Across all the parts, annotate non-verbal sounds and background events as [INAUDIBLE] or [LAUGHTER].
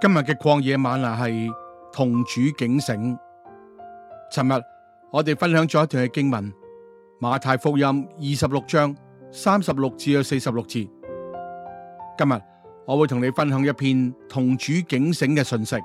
今日嘅曠野嗎哪係同主儆醒。尋日我哋分享咗一段經文，馬太福音二十六章三十六至到四十六節。今日我會同你分享一篇同主儆醒嘅訊息。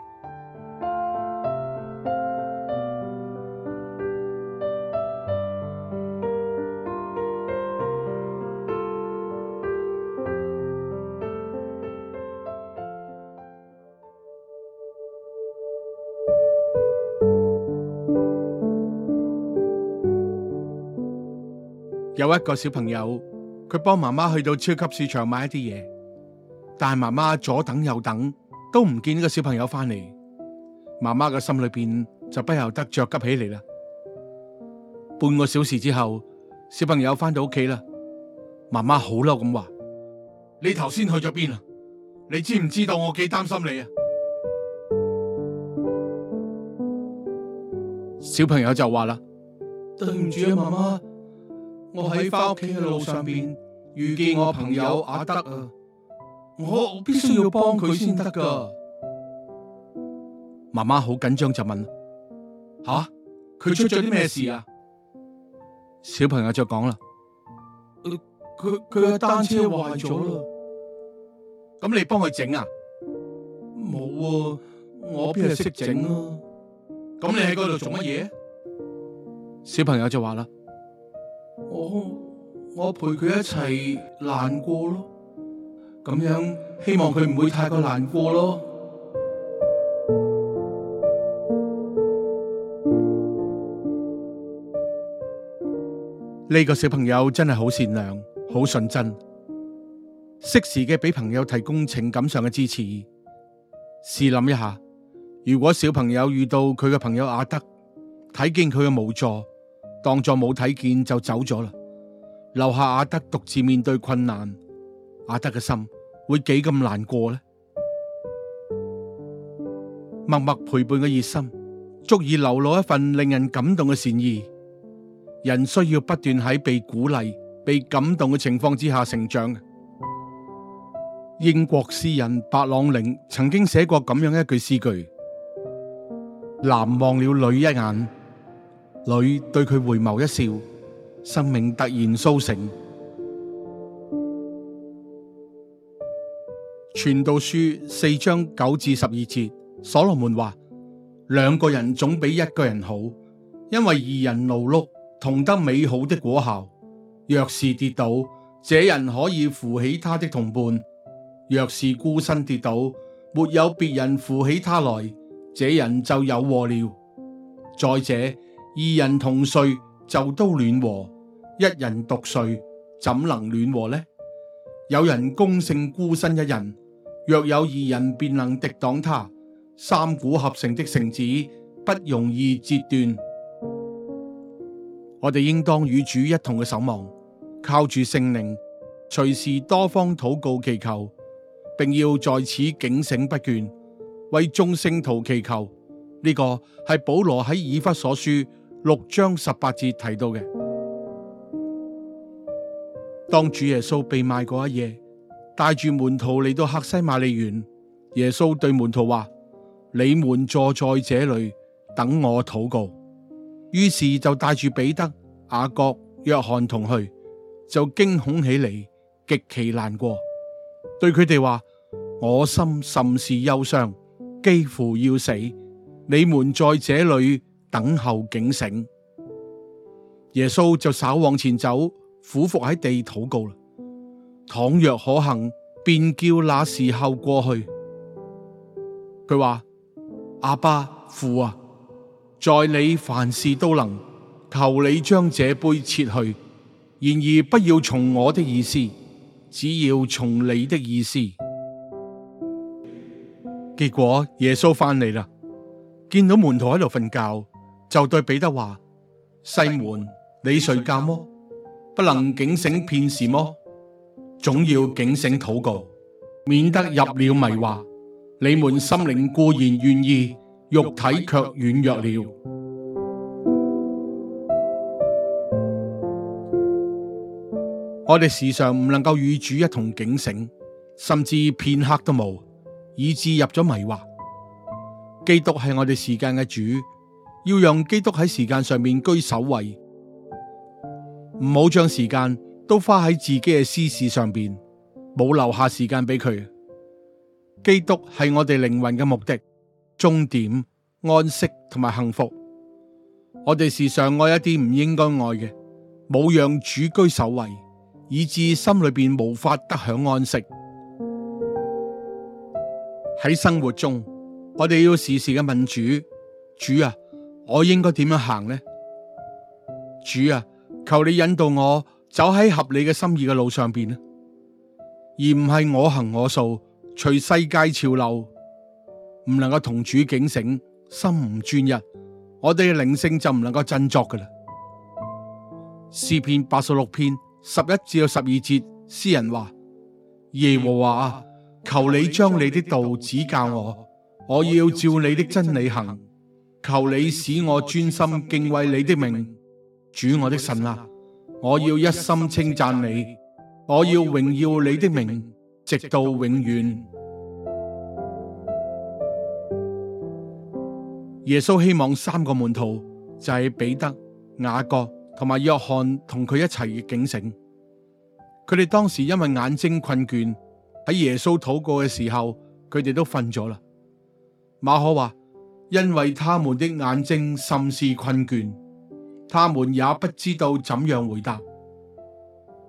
有一個小朋友，佢幫媽媽去到超級市場買一啲嘢，但係媽媽左等右等都唔見呢個小朋友翻嚟，媽媽嘅心裏邊就不由得着急起嚟啦。半個小時之後，小朋友翻到屋企啦，媽媽好嬲咁話：「你頭先去咗邊啊？你知唔知道我幾擔心你啊？」小朋友就話啦：「對唔住啊，媽媽。」我喺翻屋企嘅路上邊遇見我朋友阿德啊，我必須要幫佢先得噶。媽媽好緊張就問：吓，啊，佢出咗啲咩事啊？小朋友就講啦：，佢佢嘅單車壞咗啦。咁你幫佢整啊？冇，啊，我邊係識整啊？咁你喺嗰度做乜嘢？小朋友就話啦。我、哦、我陪佢一齊難過咯，咁樣希望佢唔會太過難過咯。呢個小朋友真係好善良，好純真，適時嘅俾朋友提供情感上嘅支持。試諗一下，如果小朋友遇到佢嘅朋友阿德，睇見佢嘅無助。當作冇睇見就走咗啦，留下阿德獨自面對困難。阿德嘅心會幾咁難過呢？默默陪伴嘅熱心足以流露一份令人感動嘅善意。人需要不斷喺被鼓勵、被感動嘅情況之下成長。英國詩人白朗寧曾經寫過咁樣一句詩句：男望了女一眼。女對佢回眸一笑，生命突然蘇醒。傳道書四章九至十二節，所羅門話：兩個人總比一個人好，因為二人勞碌，同得美好的果效。若是跌倒，這人可以扶起他的同伴；若是孤身跌倒，沒有別人扶起他來，這人就有禍了。再者。二人同睡就都暖和，一人獨睡怎能暖和呢？有人攻勝孤身一人，若有二人便能敵擋他。三股合成的繩子不容易折斷。我哋應當與主一同嘅守望，靠住聖靈，隨時多方禱告祈求，並要在此儆醒不倦，為眾聖徒祈求。呢、這個係保羅喺以弗所書。六章十八節提到嘅，當主耶穌被賣嗰一夜，帶住門徒嚟到客西馬尼園，耶穌對門徒話：你們坐在這裏等我禱告。於是就帶住彼得、雅各、約翰同去，就驚恐起嚟，極其難過，對佢哋話：我心甚是憂傷，幾乎要死。你們在這裏。等候警醒，耶穌就稍往前走，俯伏喺地禱告啦。倘若可行，便叫那時候過去。佢話阿爸父啊，在你凡事都能，求你將這杯撤去，然而不要從我的意思，只要從你的意思。結果耶穌翻嚟啦，見到門徒喺度瞓覺。就對彼得話：西門，你睡覺麼？不能警醒片時麼？總要警醒禱告，免得入了迷惑。你們心靈固然願意，肉體卻軟弱了。 [MUSIC] 我哋時常唔能夠與主一同警醒，甚至片刻都冇，以致入咗迷惑。基督係我哋時間嘅主。要讓基督喺時間上面居首位，唔好將時間都花喺自己嘅私事上邊，冇留下時間俾佢。基督係我哋靈魂嘅目的、終點、安息同埋幸福。我哋時常愛一啲唔應該愛嘅，冇讓主居首位，以致心裏邊無法得享安息。喺生活中，我哋要時時嘅問主：主啊！我應該點樣行呢？主啊，求你引導我走喺合理嘅心意嘅路上邊，而唔係我行我素，隨世界潮流，唔能夠同主儆醒，心唔專一，我哋嘅靈性就唔能夠振作噶啦。詩篇八十六篇十一至到十二節，詩人話：耶和華啊，求你將你的道指教我，我要照你的真理行。求你使我專心敬畏你的名，主我的神啊！我要一心稱讚你，我要榮耀你的名，直到永遠。耶穌希望三個門徒就係彼得、雅各同埋約翰同佢一齊嘅警醒。佢哋當時因為眼睛困倦，喺耶穌禱告嘅時候，佢哋都瞓咗啦。馬可話。因為他們的眼睛甚是困倦，他們也不知道怎樣回答。《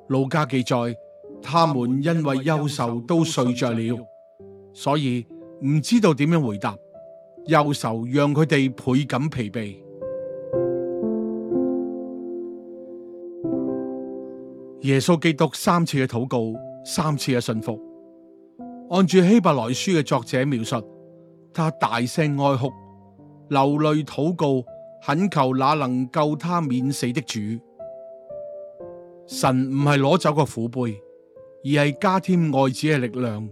路加》記載，他們因為憂愁都睡着了，所以唔知道點樣回答。憂愁讓佢哋倍感疲憊。耶穌基督三次嘅禱告，三次嘅信服，按住希伯來書嘅作者描述，他大聲哀哭。流淚禱告，懇求那能救他免死的主。神唔係攞走個苦杯，而係加添愛子嘅力量。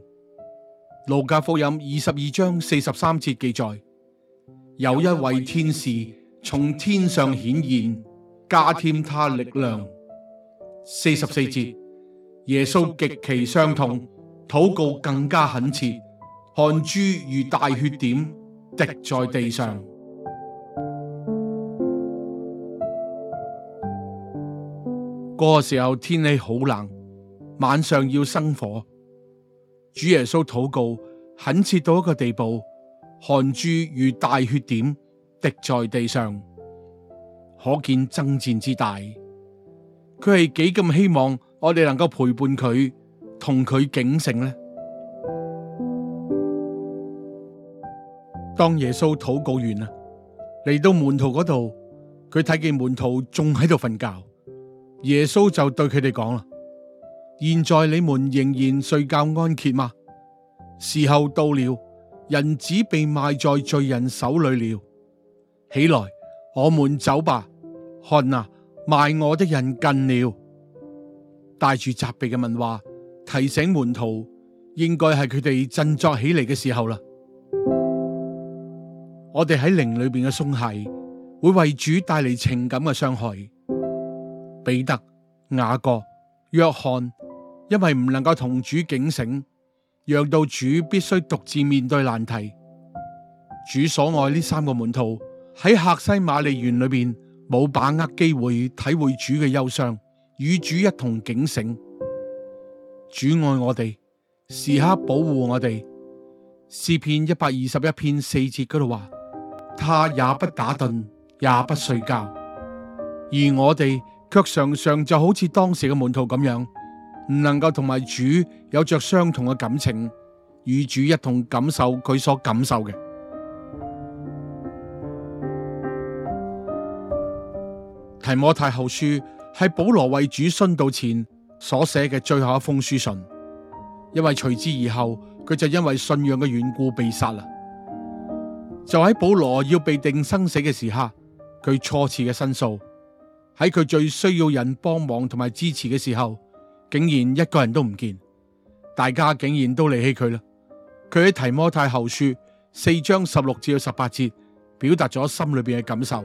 路加福音二十二章四十三節記載，有一位天使從天上顯現，加添他力量。四十四節，耶穌極其傷痛，禱告更加懇切，汗珠如大血點。滴在地上。嗰 [MUSIC] 個時候天氣好冷，晚上要生火。主耶穌禱告懇切到一個地步，汗珠如大血點滴在地上，可見爭戰之大。佢係幾咁希望我哋能夠陪伴佢，同佢警醒呢？當耶穌禱告完啦，嚟到門徒嗰度，佢睇見門徒仲喺度瞓覺，耶穌就對佢哋講啦，現在你們仍然睡覺安歇嗎？時候到了，人子被賣在罪人手裏了。起來，我們走吧。看啊，賣我的人近了。帶住責備嘅問話，提醒門徒應該係佢哋振作起嚟嘅時候啦。我哋喺靈裏邊嘅鬆懈，會為主帶嚟情感嘅傷害。彼得、雅各、約翰，因為唔能夠同主警醒，讓到主必須獨自面對難題。主所愛呢三個門徒喺客西馬利園裏邊，冇把握機會體會主嘅憂傷，與主一同警醒。主愛我哋，時刻保護我哋。詩篇一百二十一篇四節嗰度話。他也不打盹，也不睡覺，而我哋卻常常就好似當時嘅門徒咁樣，唔能夠同埋主有着相同嘅感情，與主一同感受佢所感受嘅。提摩太後書係保羅為主殉道前所寫嘅最後一封書信，因為隨之而後佢就因為信仰嘅緣故被殺啦。就喺保羅要被定生死嘅時刻，佢初次嘅申訴，喺佢最需要人幫忙同埋支持嘅時候，竟然一個人都唔見，大家竟然都離棄佢啦。佢喺提摩太後書四章十六至到十八節表達咗心裏邊嘅感受。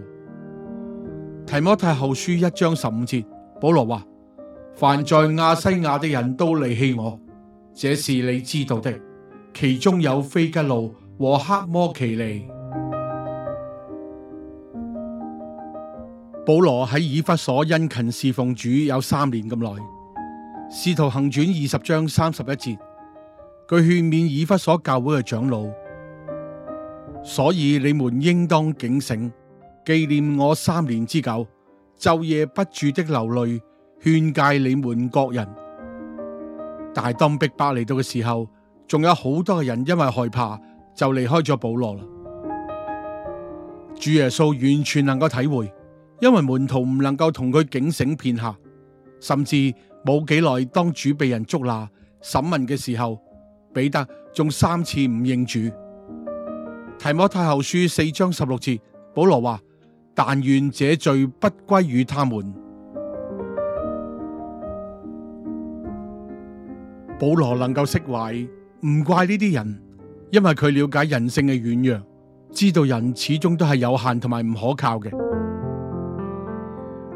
提摩太後書一章十五節，保羅話：凡在亞西亞的人都離棄我，這是你知道的，其中有腓吉路。和黑摩奇尼保羅喺以弗所殷勤侍奉主有三年咁耐，使徒行傳二十章三十一節，佢勸勉以弗所教會嘅長老，所以你們應當警醒，紀念我三年之久，晝夜不住的流淚勸戒你們各人。但當逼迫嚟到嘅時候，仲有好多嘅人因為害怕。就離開咗保羅啦。主耶穌完全能夠體會，因為門徒唔能夠同佢警醒片下，甚至冇幾耐，當主被人捉拿審問嘅時候，彼得仲三次唔認主。提摩太後書四章十六節，保羅話：但願這罪不歸於他們。保羅能夠釋懷，唔怪呢啲人。因為佢了解人性嘅軟弱，知道人始終都係有限同埋唔可靠嘅。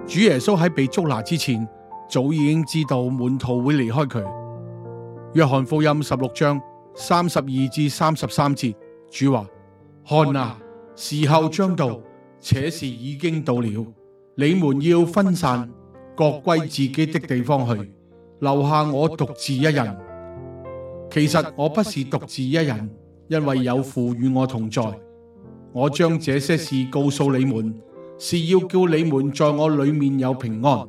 主耶穌喺被捉拿之前，早已經知道門徒會離開佢。約翰福音十六章三十二至三十三節，主話：看啊，時候將到，且是已經到了，你們要分散，各歸自己的地方去，留下我獨自一人。其實我不是獨自一人。因為有父與我同在，我將這些事告訴你們，是要叫你們在我裏面有平安。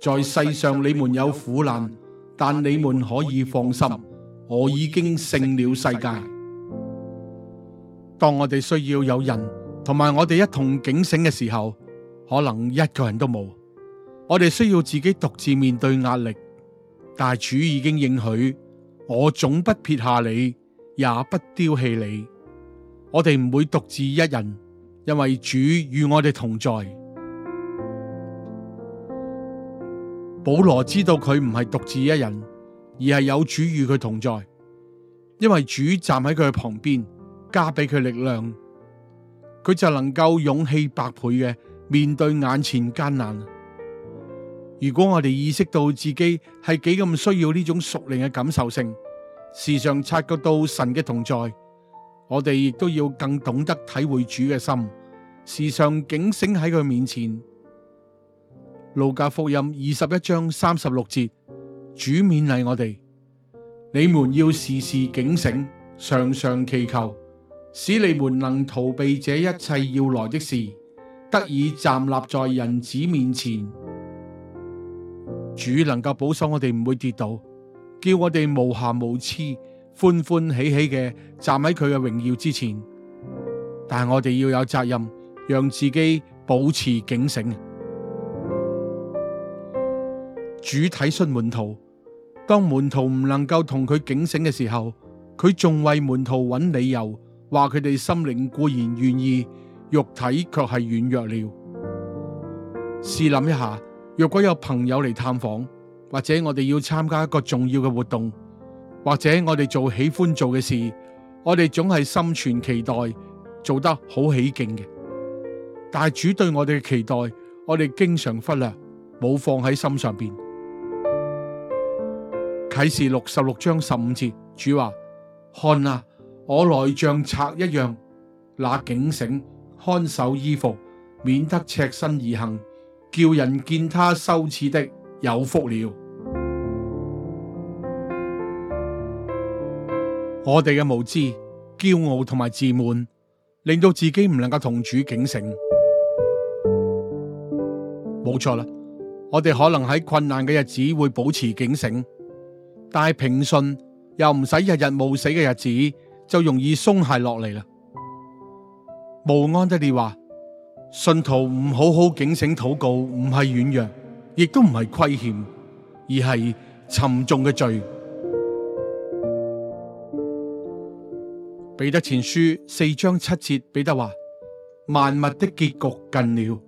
在世上你們有苦難，但你們可以放心，我已經勝了世界。當我哋需要有人同埋我哋一同警醒嘅時候，可能一個人都冇。我哋需要自己獨自面對壓力，但主已經應許，我總不撇下你。也不丟棄你，我哋唔會獨自一人，因為主與我哋同在。保羅知道佢唔係獨自一人，而係有主與佢同在，因為主站喺佢嘅旁邊，加俾佢力量，佢就能夠勇氣百倍嘅面對眼前艱難。如果我哋意識到自己係幾咁需要呢種屬靈嘅感受性。時常察覺到神嘅同在，我哋亦都要更懂得體會主嘅心，時常警醒喺佢面前。路加福音二十一章三十六節，主勉勵我哋：你們要時時警醒，常常祈求，使你們能逃避這一切要來的事，得以站立在人子面前。主能夠保守我哋唔會跌倒。叫我哋無瑕無疵，歡歡喜喜嘅站喺佢嘅榮耀之前，但我哋要有責任，讓自己保持警醒。主體恤門徒，當門徒唔能夠同佢警醒嘅時候，佢仲為門徒揾理由，話佢哋心靈固然願意，肉體卻係軟弱了。試諗一下，若果有朋友嚟探訪。或者我哋要參加一個重要嘅活動，或者我哋做喜歡做嘅事，我哋總係心存期待，做得好起勁嘅。但係主對我哋嘅期待，我哋經常忽略，冇放喺心上邊。啟示錄十六章十五節，主話：看啊，我來像賊一樣，那警醒看守衣服，免得赤身而行，叫人見他羞恥的有福了。我哋嘅無知、驕傲同埋自滿，令到自己唔能夠同主儆醒。冇錯啦，我哋可能喺困難嘅日子會保持儆醒，但係平順又唔使日日冒死嘅日子，就容易鬆懈落嚟啦。慕安得烈話：信徒唔好好儆醒禱告，唔係軟弱，亦都唔係虧欠，而係沉重嘅罪。彼得前書四章七節，彼得話：萬物的結局近了，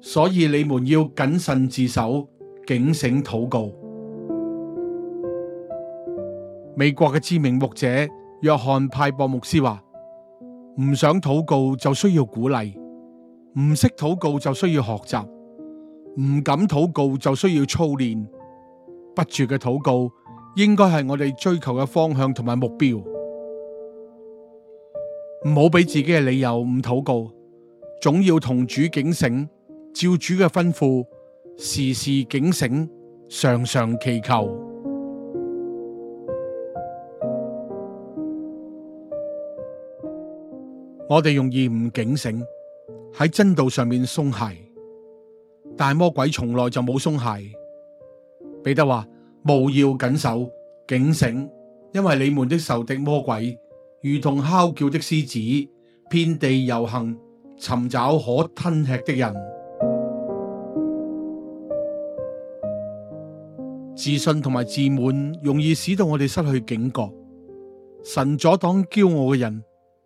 所以你們要謹慎自守，警醒禱告。美國嘅知名牧者約翰派博牧師話：唔想禱告就需要鼓勵，唔識禱告就需要學習，唔敢禱告就需要操練。不住嘅禱告應該係我哋追求嘅方向同埋目標。唔好俾自己嘅理由唔禱告，總要同主警醒，照主嘅吩咐，時時警醒，常常祈求。 [MUSIC] 我哋容易唔警醒，喺真道上面鬆懈，但魔鬼從來就冇鬆懈。彼得話：務要謹守警醒，因為你們的仇敵魔鬼。如同吼叫的獅子，遍地遊行，尋找可吞吃的人。自信同埋自滿，容易使到我哋失去警覺。神阻擋驕傲嘅人，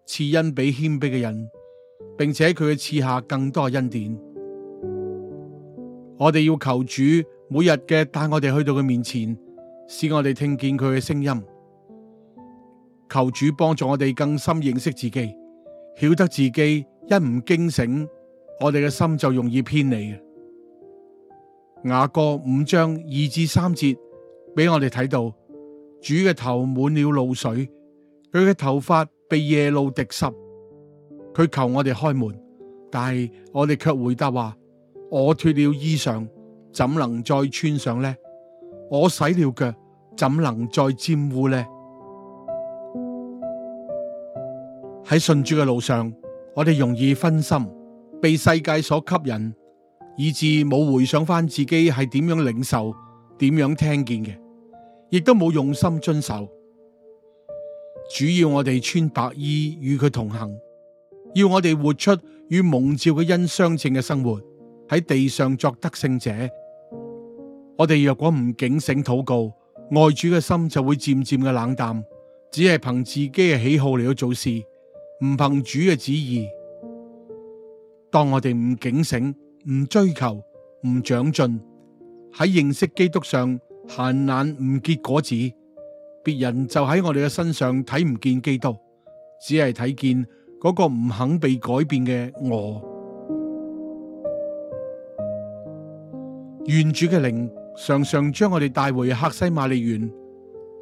賜恩畀謙卑嘅人，並且佢會賜下更多嘅恩典。我哋要求主每日嘅帶我哋去到佢面前，使我哋聽見佢嘅聲音。求主幫助我哋更深認識自己，曉得自己一唔儆醒，我哋嘅心就容易偏離。雅歌五章二至三節給們看，俾我哋睇到主嘅頭滿了露水，佢嘅頭髮被夜露滴濕，佢求我哋開門，但係我哋卻回答話：我脱了衣裳，怎能再穿上呢？我洗了腳，怎能再沾污呢？喺信主嘅路上，我哋容易分心，被世界所吸引，以致冇回想翻自己係點樣領受、點樣聽見嘅，亦都冇用心遵守。主要我哋穿白衣與佢同行，要我哋活出與蒙召嘅恩相稱嘅生活，喺地上作得勝者。我哋若果唔警醒禱告，愛主嘅心就會漸漸嘅冷淡，只係憑自己嘅喜好嚟到做事。唔憑主嘅旨意，當我哋唔警醒、唔追求、唔長進，喺認識基督上閒懶唔結果子，別人就喺我哋嘅身上睇唔見基督，只係睇見嗰個唔肯被改變嘅我。願主嘅靈常常將我哋帶回客西馬尼園，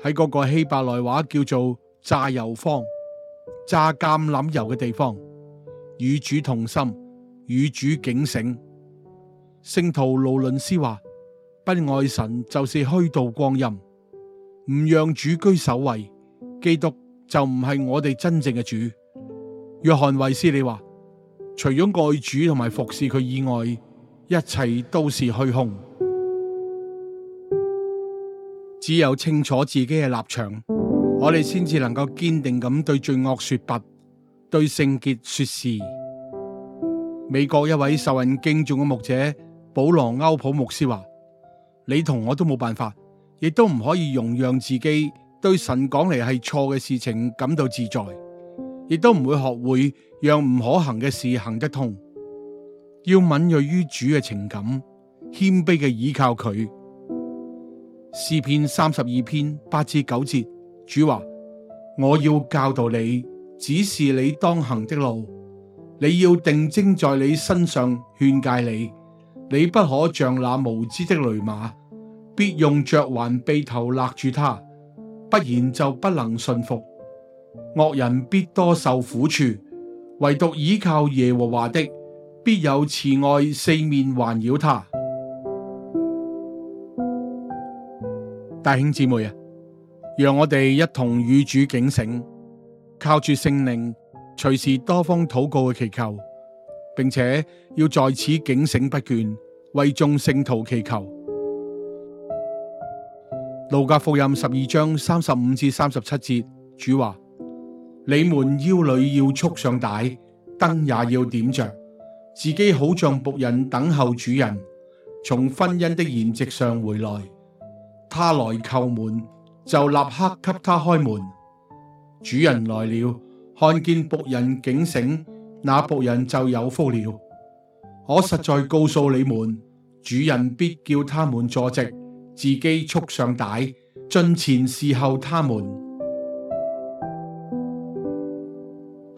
喺嗰個希伯來話叫做榨油坊，炸橄欖油嘅地方，與主同心，與主警醒。聖徒勞倫斯話：不愛神就是虛度光陰，唔讓主居首位，基督就唔係我哋真正嘅主。約翰衛斯理話：除咗愛主同埋服侍佢以外，一切都是虛空。只有清楚自己嘅立場。我哋先至能夠堅定咁對罪惡說不，對聖潔說是。美國一位受人敬重嘅牧者保羅歐普牧師話：你同我都冇辦法，亦都唔可以容讓自己對神講嚟係錯嘅事情感到自在，亦都唔會學會讓唔可行嘅事行得通。要敏銳於主嘅情感，謙卑嘅依靠佢。詩篇三十二篇八至九節。主話：我要教導你，指示你當行的路；你要定睛在你身上，勸戒你。你不可像那無知的騾馬，必用嚼環轡頭勒住他，不然就不能馴服。惡人必多受苦楚，唯獨依靠耶和華的，必有慈愛四面環繞他。弟兄姊妹啊！讓我哋一同與主警醒，靠住聖靈，隨時多方禱告嘅祈求，並且要在此警醒不倦，為眾聖徒祈求。路加福音十二章三十五至三十七節，主話：你們腰裏要束上帶，燈也要點着，自己好像僕人等候主人，從婚姻的筵席上回來。他來叩門。就立刻給他開門。主人來了，看見僕人警醒，那僕人就有福了。我實在告訴你們，主人必叫他們坐席，自己束上帶，進前侍候他們。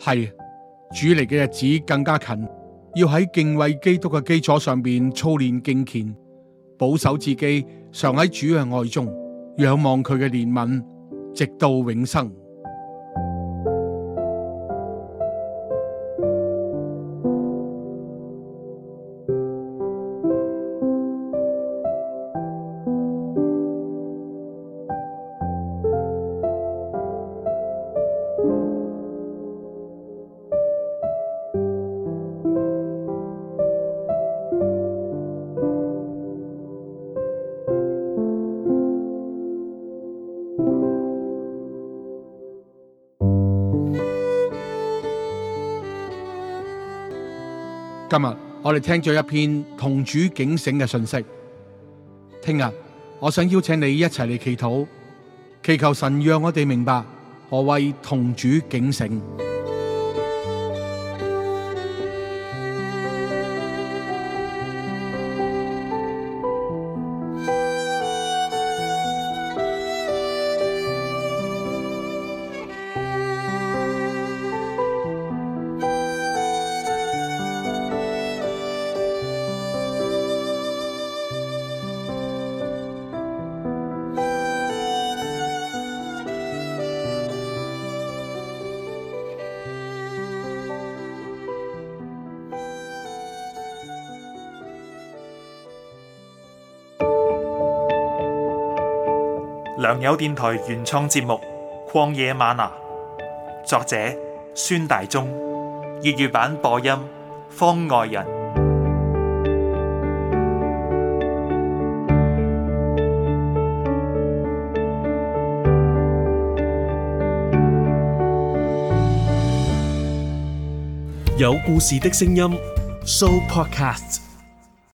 係 [MUSIC] 主嚟嘅日子更加近，要喺敬畏基督嘅基礎上面操練敬虔，保守自己，常喺主嘅愛中。仰望佢嘅憐憫，直到永生。今日我哋聽咗一篇同主儆醒嘅信息，聽日我想邀請你一齊嚟祈禱，祈求神讓我哋明白何謂同主儆醒。良友電台原創節目《曠野嗎哪》，作者：孫大中，粵語版播音：方外人。有故事的聲音，Show Podcast。